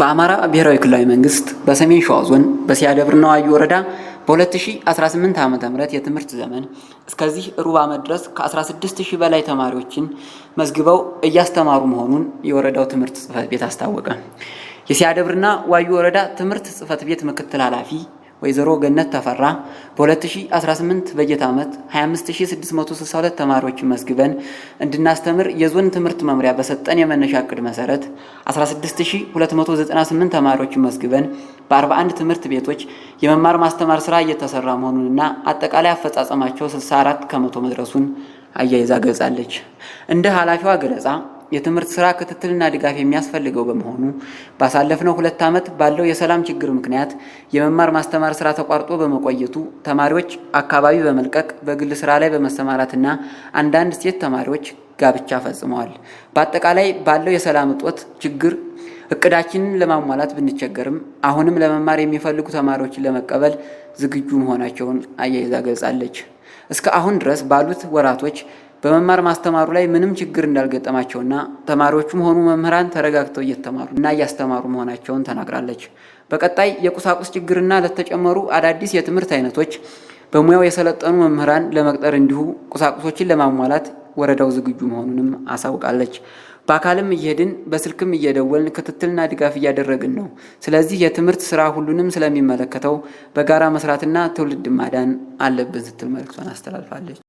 በአማራ ብሔራዊ ክልላዊ መንግስት በሰሜን ሸዋ ዞን በሲያደብርና ዋዩ ወረዳ በ2018 ዓ.ም የትምህርት ዘመን እስከዚህ ሩብ ዓመት ድረስ ከ16000 በላይ ተማሪዎችን መዝግበው እያስተማሩ መሆኑን የወረዳው ትምህርት ጽፈት ቤት አስታወቀ። የሲያደብርና ዋዩ ወረዳ ትምህርት ጽህፈት ቤት ምክትል ኃላፊ ወይዘሮ ገነት ተፈራ በ2018 በጀት ዓመት 25662 ተማሪዎችን መስግበን እንድናስተምር የዞን ትምህርት መምሪያ በሰጠን የመነሻ እቅድ መሰረት 16298 ተማሪዎችን መስግበን በ41 ትምህርት ቤቶች የመማር ማስተማር ስራ እየተሰራ መሆኑንና አጠቃላይ አፈጻጸማቸው 64 ከመቶ መድረሱን አያይዛ ገልጻለች። እንደ ኃላፊዋ ገለጻ የትምህርት ስራ ክትትልና ድጋፍ የሚያስፈልገው በመሆኑ ባሳለፍነው ሁለት ዓመት ባለው የሰላም ችግር ምክንያት የመማር ማስተማር ስራ ተቋርጦ በመቆየቱ ተማሪዎች አካባቢ በመልቀቅ በግል ስራ ላይ በመሰማራትና አንዳንድ ሴት ተማሪዎች ጋብቻ ፈጽመዋል። በአጠቃላይ ባለው የሰላም እጦት ችግር እቅዳችንን ለማሟላት ብንቸገርም አሁንም ለመማር የሚፈልጉ ተማሪዎችን ለመቀበል ዝግጁ መሆናቸውን አያይዛ ገልጻለች። እስከ አሁን ድረስ ባሉት ወራቶች በመማር ማስተማሩ ላይ ምንም ችግር እንዳልገጠማቸውና ተማሪዎቹም ሆኑ መምህራን ተረጋግተው እየተማሩ እና እያስተማሩ መሆናቸውን ተናግራለች። በቀጣይ የቁሳቁስ ችግርና ለተጨመሩ አዳዲስ የትምህርት አይነቶች በሙያው የሰለጠኑ መምህራን ለመቅጠር እንዲሁ ቁሳቁሶችን ለማሟላት ወረዳው ዝግጁ መሆኑንም አሳውቃለች። በአካልም እየሄድን በስልክም እየደወልን ክትትልና ድጋፍ እያደረግን ነው። ስለዚህ የትምህርት ስራ ሁሉንም ስለሚመለከተው በጋራ መስራትና ትውልድ ማዳን አለብን ስትል መልእክቷን አስተላልፋለች።